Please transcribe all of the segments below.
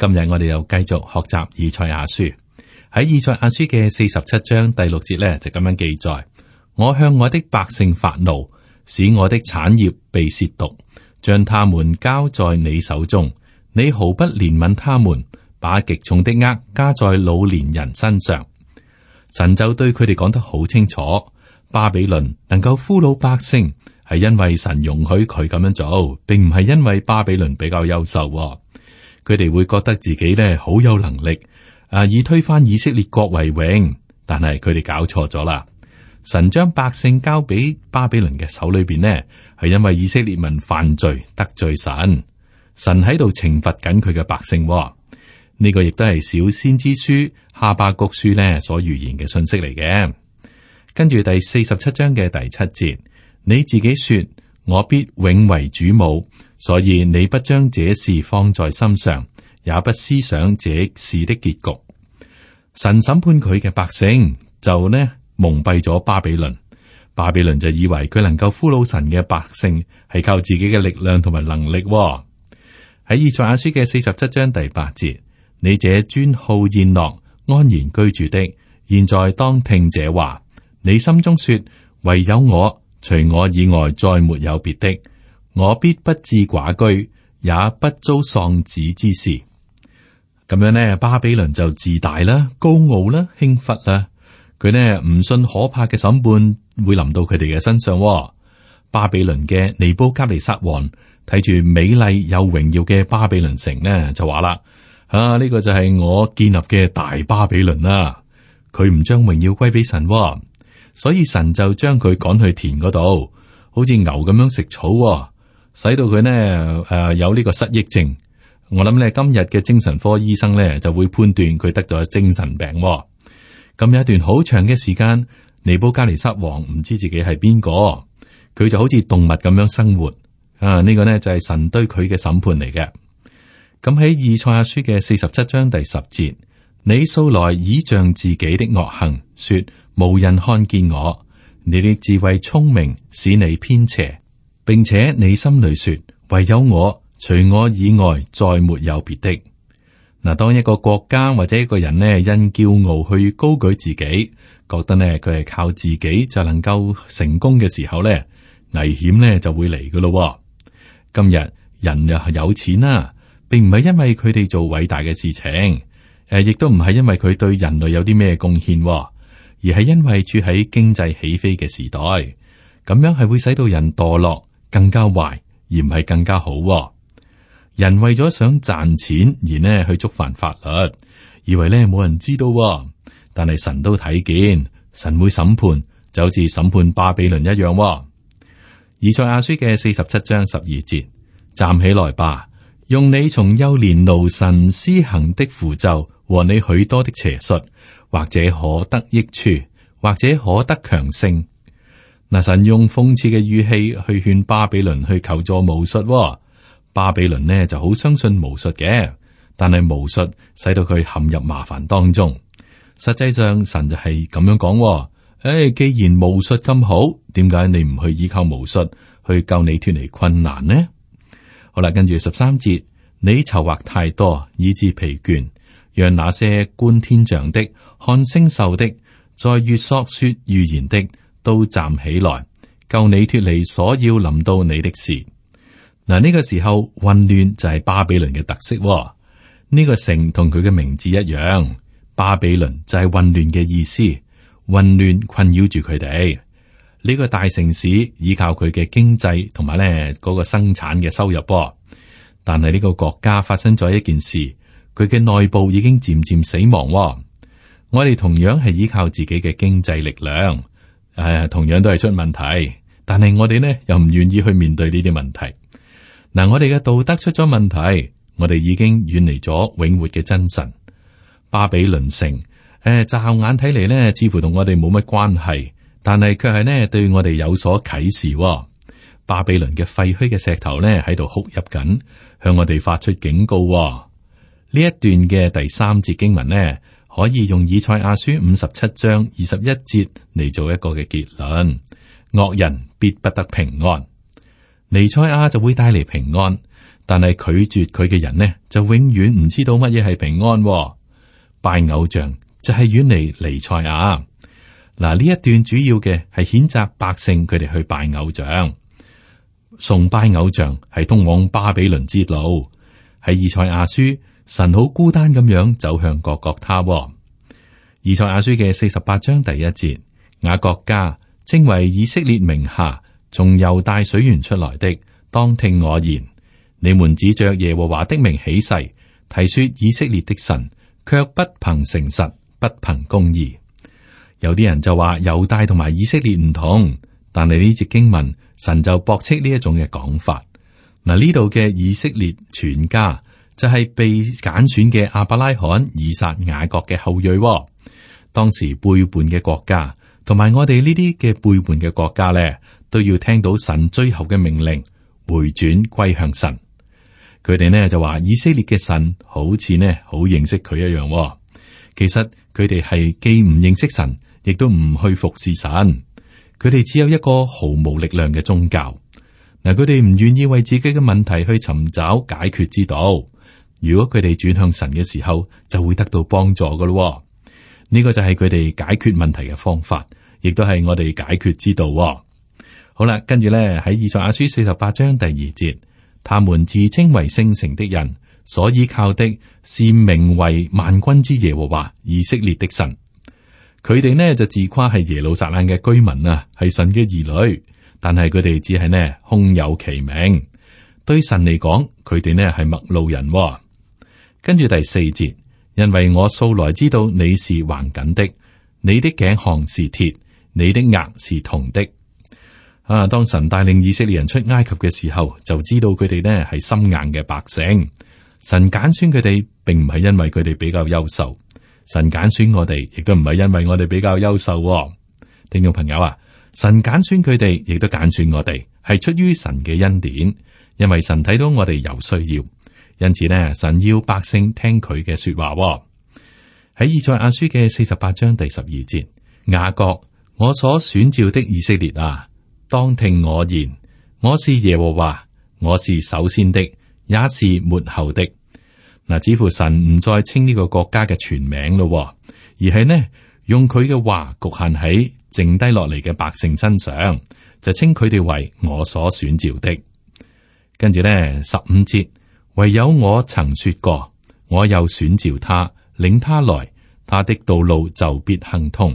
今日我哋又繼續學習以賽亞書，喺以賽亞書嘅四十七章第六節呢，就咁樣記載：我向我的百姓發怒，使我的產業被褻瀆，將他們交在你手中，你毫不憐憫他們，把極重的軛加在老年人身上。神就對佢哋講得好清楚：巴比倫能夠俘虜百姓，係因為神容許佢咁樣做，並唔係因為巴比倫比較優秀。佢哋會覺得自己咧，好有能力，啊，以推翻以色列國為榮。但係佢哋搞錯咗啦，神將百姓交俾巴比倫嘅手裏邊呢，係因為以色列民犯罪得罪神，神喺度懲罰緊佢嘅百姓、哦。呢、這個亦都係小先知書哈巴谷書呢所預言嘅信息嚟嘅。跟住第四十七章嘅第七節，你自己說，我必永為主母。所以你不將這事放在心上，也不思想這事的結局。神審判佢嘅百姓，就呢蒙蔽咗巴比倫。巴比倫就以為佢能夠俘虜神嘅百姓，係靠自己嘅力量同埋能力、哦。喺以賽亞書嘅四十七章第八節，你這專好宴樂、安然居住的，現在當聽這話。你心中說，唯有我，除我以外，再沒有別的。我必不至寡居，也不遭喪子之事。咁樣呢，巴比倫就自大啦，高傲啦，輕忽啦。佢呢，唔信，可怕嘅審判會臨到佢哋嘅身上喎。巴比倫嘅尼布甲尼撒王睇住美麗又榮耀嘅巴比倫城呢，就話啦：啊，呢個就係我建立嘅大巴比倫啦。佢唔將榮耀歸俾神喎，所以神就將佢趕去田嗰度，好似牛咁樣食草喎。使到佢呢，誒、呃、有呢個失憶症，我諗呢今日嘅精神科醫生呢就會判斷佢得咗精神病，哦。咁有一段好長嘅時間，尼布甲尼撒王唔知自己係邊個，佢就好似動物咁樣生活。啊，呢、這個呢就係、是、神對佢嘅審判嚟嘅。咁喺以賽亞書嘅四十七章第十節，你素來倚仗自己的惡行，說無人看見我，你的智慧聰明使你偏邪。並且你心裏說，唯有我，除我以外，再沒有別的。嗱，當一個國家或者一個人咧，因驕傲去高舉自己，覺得咧佢係靠自己就能夠成功嘅時候咧，危險咧就會嚟㗎咯。今日人又係有錢啦，並唔係因為佢哋做偉大嘅事情，誒，亦都唔係因為佢對人類有啲咩貢獻，而係因為處喺經濟起飛嘅時代，咁樣係會使到人墮落。更加壞，而唔係更加好、哦。人為咗想賺錢而呢去觸犯法律，以為呢冇人知道、哦，但係神都睇見，神會審判，就好似審判巴比倫一樣、哦。以賽亞書嘅四十七章十二節，站起來吧，用你從幼年勞神施行的符咒和你許多的邪術，或者可得益處，或者可得強盛。嗱，神用諷刺嘅語氣去勸巴比倫去求助巫術、哦，巴比倫呢就好相信巫術嘅，但係巫術使到佢陷入麻煩當中。實際上，神就係咁樣講、哦：，誒、哎，既然巫術咁好，點解你唔去依靠巫術去救你脫離困難呢？好啦，跟住十三節，你籌劃太多，以致疲倦，讓那些觀天象的、看星宿的，在月朔說預言的。都站起來，救你脱離所要臨到你的事。嗱，呢個時候混亂就係巴比倫嘅特色、哦。呢個城同佢嘅名字一樣，巴比倫就係混亂嘅意思。混亂困擾住佢哋呢個大城市，依靠佢嘅經濟同埋咧嗰個生產嘅收入、哦。但係呢個國家發生咗一件事，佢嘅內部已經漸漸死亡、哦。我哋同樣係依靠自己嘅經濟力量。誒、啊，同樣都係出問題，但係我哋呢又唔願意去面對呢啲問題。嗱、啊，我哋嘅道德出咗問題，我哋已經遠離咗永活嘅真神。巴比倫城，誒、啊，乍眼睇嚟，呢，似乎同我哋冇乜關係，但係卻係呢對我哋有所啟示、哦。巴比倫嘅廢墟嘅石頭呢，喺度哭泣緊，向我哋發出警告、哦。呢一段嘅第三節經文呢？可以用以賽亞書五十七章二十一節嚟做一個嘅結論：惡人必不得平安，尼賽亞就會帶嚟平安，但係拒絕佢嘅人呢就永遠唔知道乜嘢係平安喎。拜偶像就係遠離尼賽亞。嗱，呢一段主要嘅係譴責百姓佢哋去拜偶像，崇拜偶像係通往巴比倫之路，喺以賽亞書。神好孤單咁樣走向各國他、哦，以賽亞書嘅四十八章第一節，雅各家稱為以色列名下從猶大水源出來的，當聽我言，你們指着耶和華的名起誓，提說以色列的神，卻不憑誠實，不憑公義。有啲人就話猶大同埋以色列唔同，但係呢節經文，神就駁斥呢一種嘅講法。嗱，呢度嘅以色列全家。就係被揀選嘅亞伯拉罕、以撒、雅各嘅後裔。當時背叛嘅國家，同埋我哋呢啲嘅背叛嘅國家咧，都要聽到神最後嘅命令，回轉歸向神。佢哋呢就話，以色列嘅神好似呢好認識佢一樣。其實佢哋係既唔認識神，亦都唔去服侍神。佢哋只有一個毫無力量嘅宗教。嗱，佢哋唔願意為自己嘅問題去尋找解決之道。如果佢哋轉向神嘅時候，就會得到幫助噶咯。呢個就係佢哋解決問題嘅方法，亦都係我哋解決之道。好啦，跟住咧喺以賽亞書四十八章第二節，他們自稱為聖城的人，所依靠的是名為萬軍之耶和華以色列的神。佢哋呢，就自誇係耶路撒冷嘅居民啊，係神嘅兒女，但係佢哋只係呢，空有其名，對神嚟講，佢哋呢，係陌路人。跟住第四節，因為我素來知道你是頑梗的，你的頸項是鐵，你的額是銅的。啊，當神帶領以色列人出埃及嘅時候，就知道佢哋呢係心硬嘅百姓。神揀選佢哋，並唔係因為佢哋比較優秀。神揀選我哋，亦都唔係因為我哋比較優秀，哦。聽眾朋友啊，神揀選佢哋，亦都揀選我哋，係出於神嘅恩典，因為神睇到我哋有需要。因此呢，神要百姓聽佢嘅說話。喺以賽亞書嘅四十八章第十二節，雅各，我所選召的以色列啊，當聽我言。我是耶和華，我是首先的，也是末後的。嗱，似乎神唔再稱呢個國家嘅全名咯，而係呢，用佢嘅話局限喺剩低落嚟嘅百姓身上，就稱佢哋為我所選召的。跟住呢，十五節。唯有我曾說過，我又選召他，領他來，他的道路就必亨通。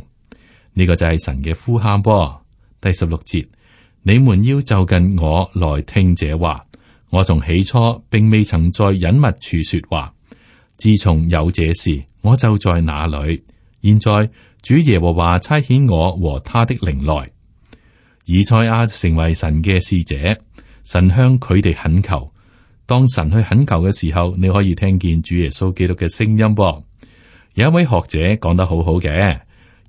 呢個就係神嘅呼喊噃。第十六節，你們要就近我來聽這話。我從起初並未曾在隱密處說話，自從有這事，我就在那裏。現在主耶和華差遣我和他的靈來，以賽亞成為神嘅使者，神向佢哋懇求。當神去懇求嘅時候，你可以聽見主耶穌基督嘅聲音。噃，有一位學者講得好好嘅，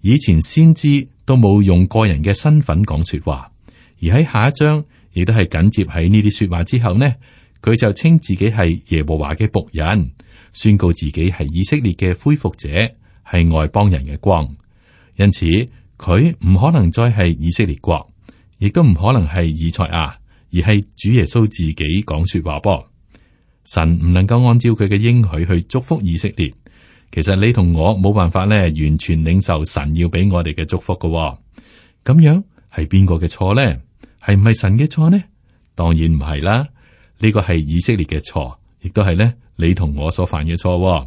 以前先知都冇用個人嘅身份講說話，而喺下一章亦都係緊接喺呢啲說話之後呢，佢就稱自己係耶和華嘅僕人，宣告自己係以色列嘅恢復者，係外邦人嘅光，因此佢唔可能再係以色列國，亦都唔可能係以賽亞。而係主耶穌自己講說話噃。神唔能夠按照佢嘅應許去祝福以色列。其實你同我冇辦法咧，完全領受神要俾我哋嘅祝福嘅喎。咁樣係邊個嘅錯呢？係唔係神嘅錯呢？當然唔係啦，呢個係以色列嘅錯，亦都係咧你同我所犯嘅錯喎。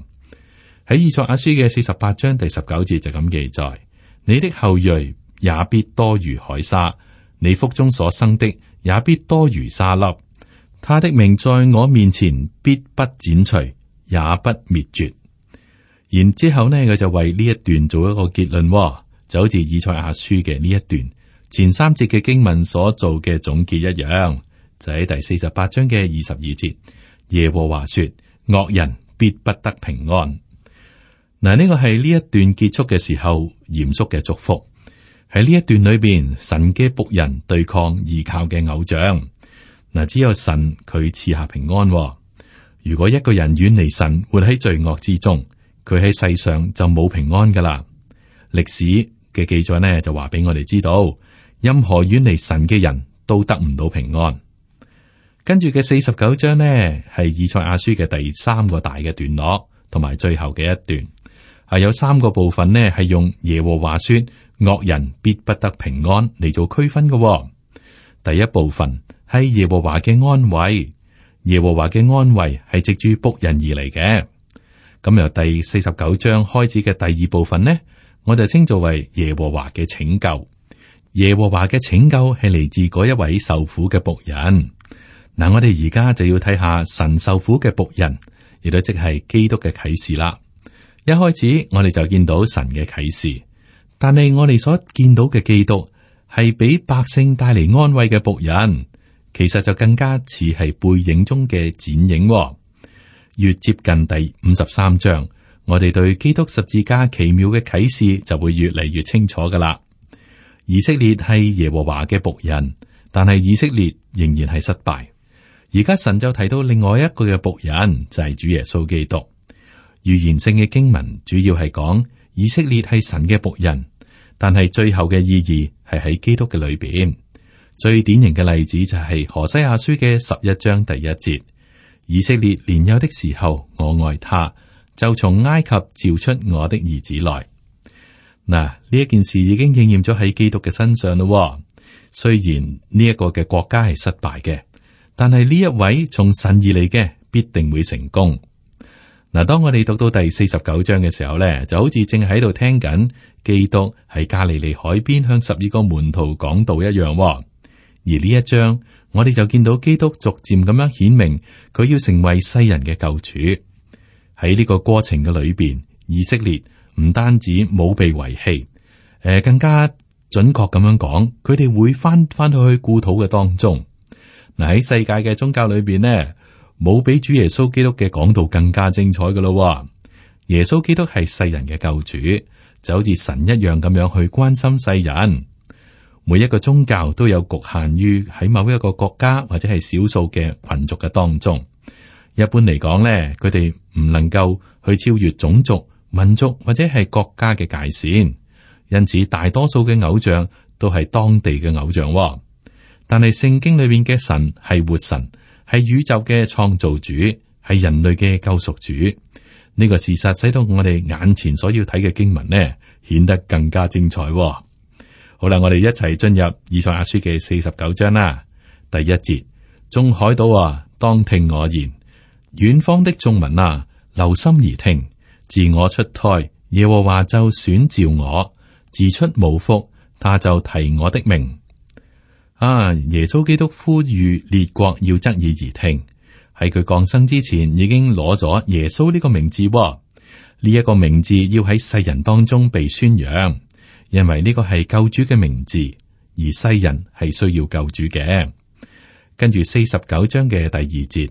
喺《以賽亞書》嘅四十八章第十九節就咁記載：「你的後裔也必多如海沙，你腹中所生的。」也必多如沙粒，他的名在我面前必不剪除，也不滅絕。然之後呢，佢就為呢一段做一個結論、哦，就好似以賽亞書嘅呢一段前三節嘅經文所做嘅總結一樣，就喺第四十八章嘅二十二節。耶和華說：惡人必不得平安。嗱，呢個係呢一段結束嘅時候嚴肅嘅祝福。喺呢一段裏邊，神嘅僕人對抗依靠嘅偶像，嗱，只有神佢賜下平安哦。如果一個人遠離神，活喺罪惡之中，佢喺世上就冇平安噶啦。歷史嘅記載呢，就話俾我哋知道，任何遠離神嘅人都得唔到平安。跟住嘅四十九章呢，係以賽亞書嘅第三個大嘅段落，同埋最後嘅一段係有三個部分呢，係用耶和華說。惡人必不得平安嚟做區分嘅，哦。第一部分係耶和華嘅安慰，耶和華嘅安慰係藉住僕人而嚟嘅。咁由第四十九章開始嘅第二部分呢，我就稱作為耶和華嘅拯救。耶和華嘅拯救係嚟自嗰一位受苦嘅僕人。嗱，我哋而家就要睇下神受苦嘅僕人，亦都即係基督嘅啟示啦。一開始我哋就見到神嘅啟示。但係我哋所見到嘅，基督係俾百姓帶嚟安慰嘅僕人，其實就更加似係背影中嘅剪影，哦。越接近第五十三章，我哋對基督十字架奇妙嘅啟示就會越嚟越清楚噶啦。以色列係耶和華嘅僕人，但係以色列仍然係失敗。而家神就提到另外一個嘅僕人就係、是、主耶穌基督。預言性嘅經文主要係講。以色列係神嘅僕人，但係最後嘅意義係喺基督嘅裏邊。最典型嘅例子就係何西阿書嘅十一章第一節：以色列年幼的時候，我愛他，就從埃及召出我的兒子來。嗱，呢一件事已經應驗咗喺基督嘅身上咯、哦。雖然呢一個嘅國家係失敗嘅，但係呢一位從神而嚟嘅必定會成功。嗱，當我哋讀到第四十九章嘅時候咧，就好似正喺度聽緊基督喺加利利海邊向十二個門徒講道一樣。而呢一章，我哋就見到基督逐漸咁樣顯明，佢要成為世人嘅救主。喺呢個過程嘅裏邊，以色列唔單止冇被遺棄，誒，更加準確咁樣講，佢哋會翻翻到去故土嘅當中。嗱，喺世界嘅宗教裏邊呢。冇比主耶穌基督嘅講道更加精彩噶咯，耶穌基督係世人嘅救主，就好似神一樣咁樣去關心世人。每一個宗教都有局限於喺某一個國家或者係少數嘅群族嘅當中。一般嚟講咧，佢哋唔能夠去超越種族、民族或者係國家嘅界線。因此，大多數嘅偶像都係當地嘅偶像。但係聖經裏邊嘅神係活神。係宇宙嘅創造主，係人類嘅救贖主。呢、這個事實使到我哋眼前所要睇嘅經文呢，顯得更加精彩。好啦，我哋一齊進入《以賽亞書》嘅四十九章啦，第一節：眾海島啊，當聽我言；遠方的眾民啊，留心而聽。自我出胎，耶和華就選召我；自出母腹，他就提我的名。啊！耶穌基督呼籲列國要側耳而聽。喺佢降生之前，已經攞咗耶穌呢個名字，哦。呢、這、一個名字要喺世人當中被宣揚，因為呢個係救主嘅名字，而世人係需要救主嘅。跟住四十九章嘅第二節，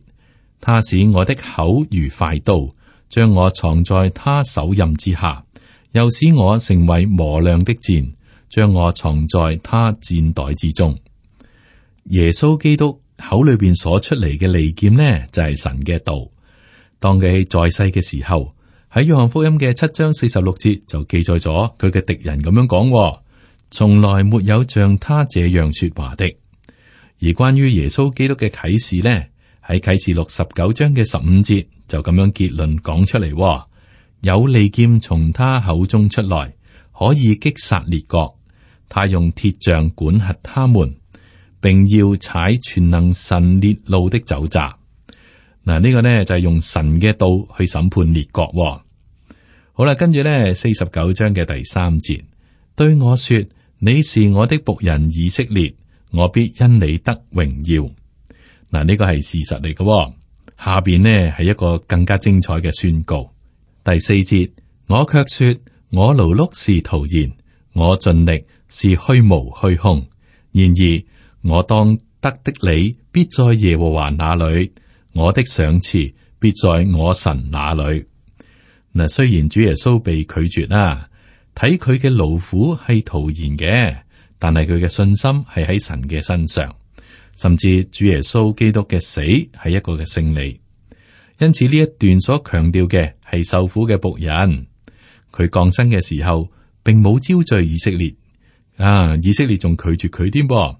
他使我的口如快刀，將我藏在他手刃之下；又使我成為磨亮的箭，將我藏在他箭袋之中。耶穌基督口裏邊所出嚟嘅利劍呢，就係、是、神嘅道。當佢在世嘅時候，喺約翰福音嘅七章四十六節就記載咗佢嘅敵人咁樣講、哦：，從來沒有像他這樣說話的。而關於耶穌基督嘅啟示呢，喺啟示六十九章嘅十五節就咁樣結論講出嚟、哦：，有利劍從他口中出來，可以擊殺列國。他用鐵杖管轄他們。並要踩全能神烈怒的酒醡嗱，呢、這個呢就係用神嘅道去審判列國。好啦，跟住呢四十九章嘅第三節，對我說，你是我的僕人以色列，我必因你得榮耀。嗱，呢個係事實嚟嘅。下邊呢係一個更加精彩嘅宣告。第四節，我卻說，我勞碌是徒然，我盡力是虛無虛空，然而。我當得的，你必在耶和華那裏；我的賞賜必在我神那裏。嗱，雖然主耶穌被拒絕啦，睇佢嘅勞苦係徒然嘅，但係佢嘅信心係喺神嘅身上。甚至主耶穌基督嘅死係一個嘅勝利。因此呢一段所強調嘅係受苦嘅僕人，佢降生嘅時候並冇招罪以色列啊，以色列仲拒絕佢添噃。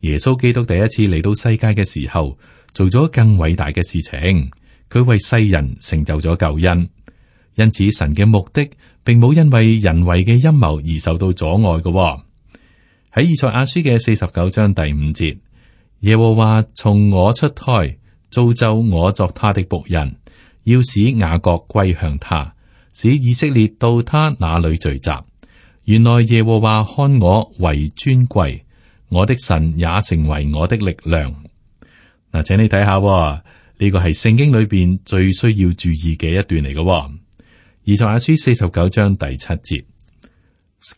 耶穌基督第一次嚟到世界嘅時候，做咗更偉大嘅事情。佢為世人成就咗救恩，因此神嘅目的並冇因為人為嘅陰謀而受到阻礙嘅，哦。喺以賽亞書嘅四十九章第五節，耶和華從我出胎造就我作他的僕人，要使雅各歸向他，使以色列到他那裏聚集。原來耶和華看我為尊貴。我的神也成為我的力量。嗱，請你睇下，呢個係聖經裏邊最需要注意嘅一段嚟嘅。而以賽亞書四十九章第七節，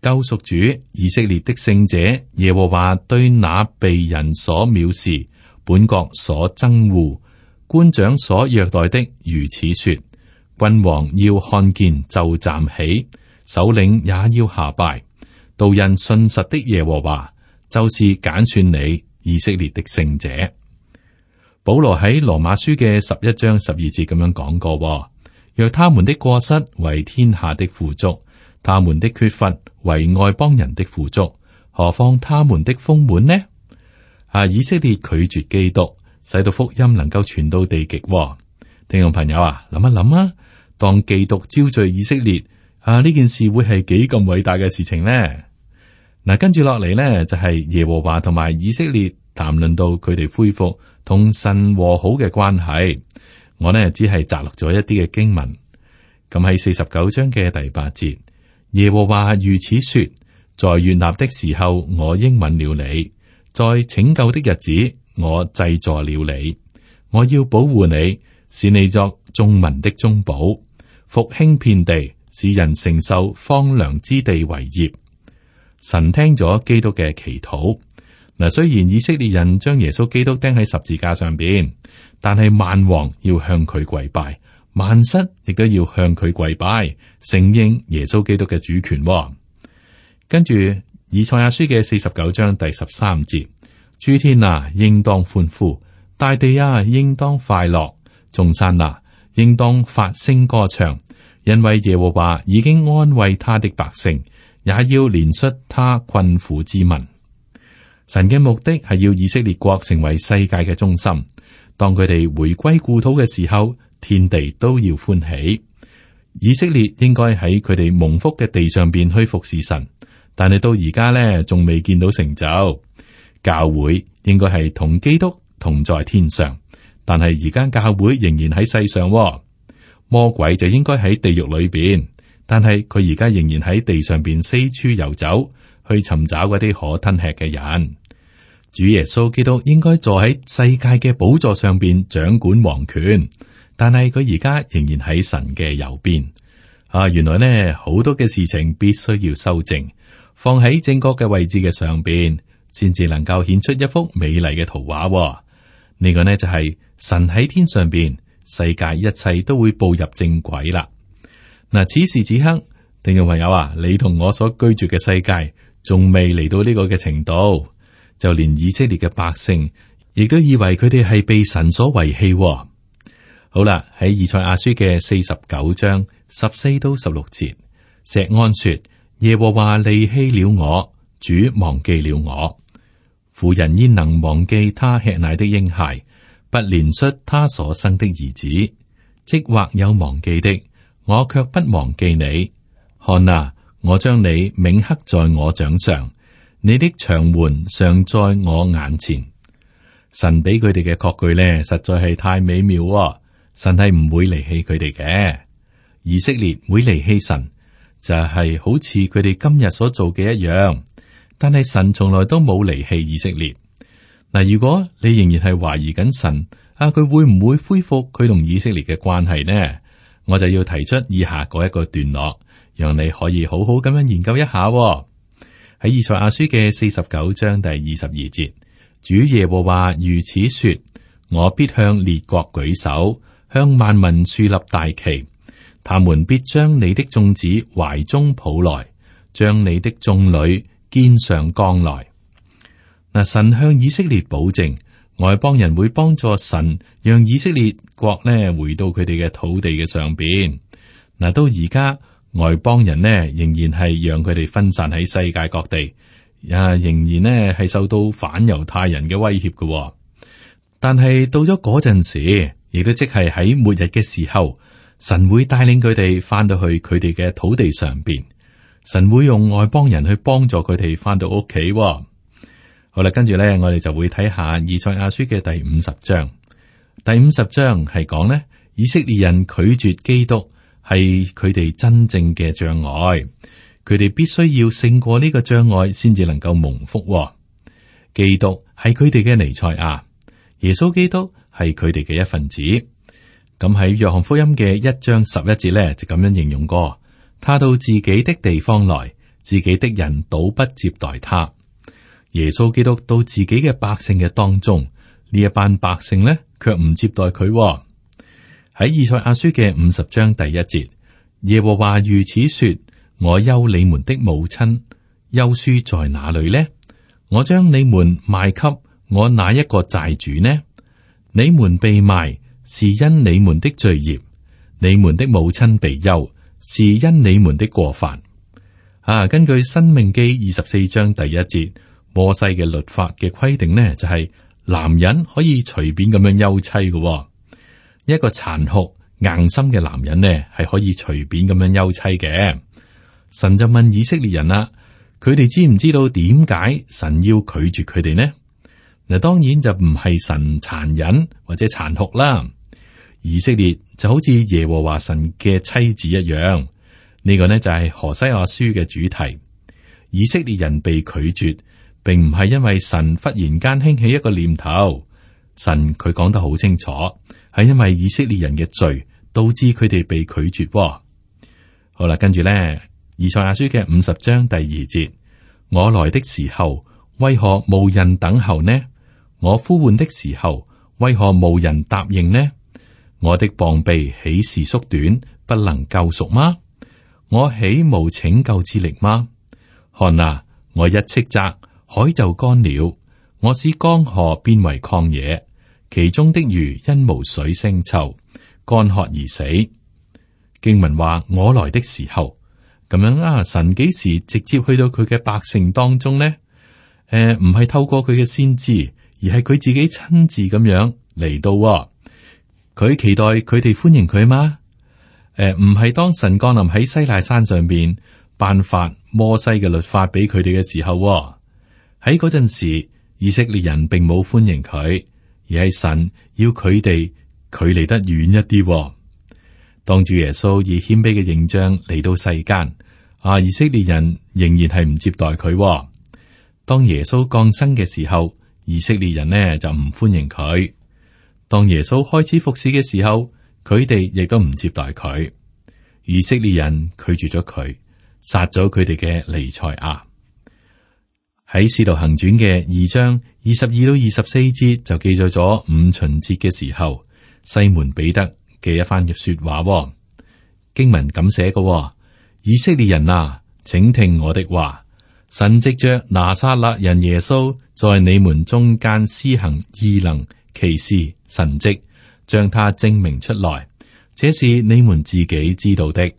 救贖主以色列的聖者耶和華對那被人所藐視、本國所憎惡、官長所虐待的，如此說：君王要看見就站起，首領也要下拜，道人信實的耶和華，就是揀選你以色列的聖者。保羅喺羅馬書嘅十一章十二節咁樣講過：若他們的過失為天下的富足，他們的缺乏為外邦人的富足，何況他們的豐滿呢？啊，以色列拒絕基督，使到福音能夠傳到地極，啊。聽眾朋友啊，諗一諗啊，當基督招聚以色列啊，呢件事會係幾咁偉大嘅事情呢？嗱，跟住落嚟咧，就係耶和華同埋以色列談論到佢哋恢復同神和好嘅關係。我咧只係摘錄咗一啲嘅經文。咁喺四十九章嘅第八節，耶和華如此說：在悅納的時候，我應允了你；在拯救的日子，我濟助了你。我要保護你，使你作眾民的中保，復興遍地，使人承受荒涼之地為業。神聽咗基督嘅祈禱，嗱，雖然以色列人將耶穌基督釘喺十字架上邊，但係萬王要向佢跪拜，萬室亦都要向佢跪拜，承認耶穌基督嘅主權。跟住以賽亞書嘅四十九章第十三節，諸天啊，應當歡呼，大地啊，應當快樂，眾山啊，應當發聲歌唱，因為耶和華已經安慰他的百姓，也要憐恤他困苦之民。神嘅目的係要以色列國成為世界嘅中心。當佢哋回歸故土嘅時候，天地都要歡喜。以色列應該喺佢哋蒙福嘅地上邊去服侍神，但係到而家呢，仲未見到成就。教會應該係同基督同在天上，但係而家教會仍然喺世上，哦，魔鬼就應該喺地獄裏邊。但係佢而家仍然喺地上邊四處遊走，去尋找嗰啲可吞吃嘅人。主耶穌基督應該坐喺世界嘅寶座上邊掌管王權，但係佢而家仍然喺神嘅右邊。啊，原來呢，好多嘅事情必須要修正，放喺正確嘅位置嘅上邊，先至能夠顯出一幅美麗嘅圖畫，哦。呢個呢就係，是，神喺天上邊，世界一切都會步入正軌啦。嗱，此時此刻，聽眾朋友啊，你同我所居住嘅世界，仲未嚟到呢個嘅程度，就連以色列嘅百姓，亦都以為佢哋係被神所遺棄、哦。好啦，喺以賽亞書嘅四十九章十四到十六節，錫安說：耶和華離棄了我，主忘記了我。婦人焉能忘記他吃奶的嬰孩，不憐恤他所生的兒子，即或有忘記的。我卻不忘記你，看啊！我將你銘刻在我掌上，你的牆垣常在我眼前。神俾佢哋嘅確據呢，實在係太美妙、哦。啊。神係唔會離棄佢哋嘅。以色列會離棄神，就係、是、好似佢哋今日所做嘅一樣。但係神從來都冇離棄以色列。嗱，如果你仍然係懷疑緊神，啊，佢會唔會恢復佢同以色列嘅關係呢？我就要提出以下嗰一個段落，讓你可以好好咁樣研究一下、哦。喺以賽亞書嘅四十九章第二十二節，主耶和華如此說：我必向列國舉手，向萬民豎立大旗，他們必將你的眾子懷中抱來，將你的眾女肩上扛來。嗱，神向以色列保證。外邦人會幫助神，讓以色列國呢回到佢哋嘅土地嘅上邊。嗱，到而家外邦人呢仍然係讓佢哋分散喺世界各地，啊，仍然呢係受到反猶太人嘅威脅嘅。但係到咗嗰陣時，亦都即係喺末日嘅時候，神會帶領佢哋翻到去佢哋嘅土地上邊，神會用外邦人去幫助佢哋翻到屋企。好啦，跟住咧，我哋就會睇下《以賽亞書》嘅第五十章。第五十章係講呢，以色列人拒絕基督，係佢哋真正嘅障礙。佢哋必須要勝過呢個障礙，先至能夠蒙福，哦。基督係佢哋嘅彌賽亞，耶穌基督係佢哋嘅一份子。咁喺約翰福音嘅一章十一節咧，就咁樣形容過：他到自己的地方來，自己的人倒不接待他。耶穌基督到自己嘅百姓嘅當中，呢一班百姓呢，卻唔接待佢喎、哦喺《以賽亞書》嘅五十章第一節，耶和華如此說：我休你們的母親，休書在哪裏呢？我將你們賣給我哪一個債主呢？你們被賣是因你們的罪孽；你們的母親被休是因你們的過犯。啊，根據《申命記》二十四章第一節。摩西嘅律法嘅規定呢，就係、是、男人可以隨便咁樣休妻嘅，哦。一個殘酷硬心嘅男人呢，係可以隨便咁樣休妻嘅。神就問以色列人啦，啊，佢哋知唔知道點解神要拒絕佢哋呢？嗱，當然就唔係神殘忍或者殘酷啦。以色列就好似耶和華神嘅妻子一樣，呢、這個呢就係何西阿書嘅主題。以色列人被拒絕。並唔係因為神忽然間興起一個念頭，神佢講得好清楚，係因為以色列人嘅罪導致佢哋被拒絕喎。好啦，跟住咧，以賽亞書嘅五十章第二節：我來的時候，為何冇人等候呢？我呼喚的時候，為何冇人答應呢？我的膀臂豈是縮短，不能救贖嗎？我豈無拯救之力嗎？看啊，我一斥責。海就乾了，我使江河變為曠野，其中的魚因無水腥臭，乾渴而死。經文話：我來的時候咁樣啊，神幾時直接去到佢嘅百姓當中呢？誒、呃，唔係透過佢嘅先知，而係佢自己親自咁樣嚟到。佢期待佢哋歡迎佢嗎？誒、呃，唔係當神降臨喺西奈山上邊，頒發摩西嘅律法俾佢哋嘅時候。呃喺嗰陣時，以色列人並冇歡迎佢，而係神要佢哋距離得遠一啲，喎。當住耶穌以謙卑嘅形象嚟到世間，啊，以色列人仍然係唔接待佢，喎。當耶穌降生嘅時候，以色列人呢就唔歡迎佢。當耶穌開始服侍嘅時候，佢哋亦都唔接待佢。以色列人拒絕咗佢，殺咗佢哋嘅彌賽亞。喺《使徒行傳》嘅二章二十二到二十四節就記載咗五旬節嘅時候，西門彼得嘅一番嘅說話，經文咁寫嘅，哦。以色列人啊，請聽我的話，神藉着拿撒勒人耶穌在你們中間施行異能奇事神蹟，將他證明出來。這是你們自己知道的。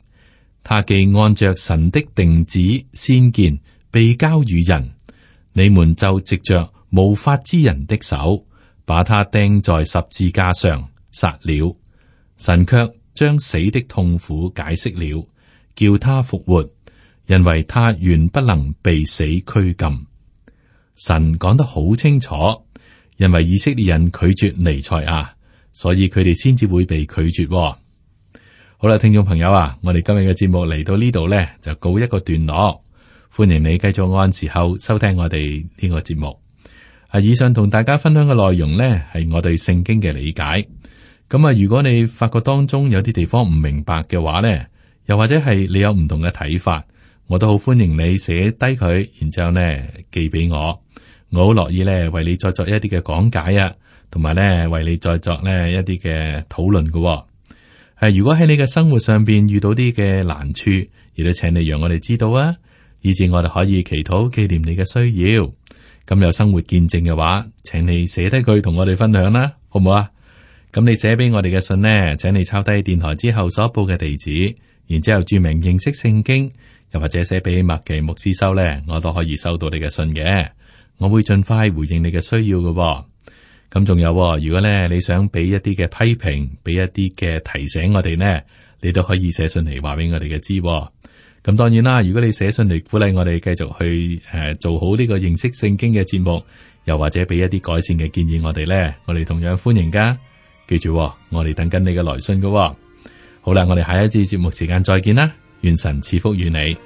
他既按着神的定旨先見，被交與人。你們就藉着無法之人的手，把他釘在十字架上殺了。神卻將死的痛苦解釋了，叫他復活，因為他原不能被死拘禁。神講得好清楚，因為以色列人拒絕彌賽亞，所以佢哋先至會被拒絕喎。好啦，聽眾朋友啊，我哋今日嘅節目嚟到呢度呢，就告一個段落。歡迎你繼續按時候收聽我哋呢個節目。啊，以上同大家分享嘅內容呢，係我對聖經嘅理解。咁啊，如果你發覺當中有啲地方唔明白嘅話呢，又或者係你有唔同嘅睇法，我都好歡迎你寫低佢，然之後咧寄俾我，我好樂意咧為你再作一啲嘅講解啊，同埋咧為你再作呢一啲嘅討論嘅。係如果喺你嘅生活上邊遇到啲嘅難處，亦都請你讓我哋知道啊。以至我哋可以祈禱紀念你嘅需要，咁有生活見證嘅話，請你寫低佢同我哋分享啦，好唔好啊？咁你寫俾我哋嘅信呢，請你抄低電台之後所報嘅地址，然之後注明認識聖經，又或者寫俾麥奇牧師收呢，我都可以收到你嘅信嘅，我會盡快回應你嘅需要嘅喎。咁仲有喎，如果呢你想俾一啲嘅批評，俾一啲嘅提醒我哋呢，你都可以寫信嚟話俾我哋嘅知喎。咁當然啦，如果你寫信嚟鼓勵我哋繼續去誒、呃、做好呢個認識聖經嘅節目，又或者俾一啲改善嘅建議我哋咧，我哋同樣歡迎噶。記住、哦，我哋等緊你嘅來信噶、哦。好啦，我哋下一次節目時間再見啦，願神賜福與你。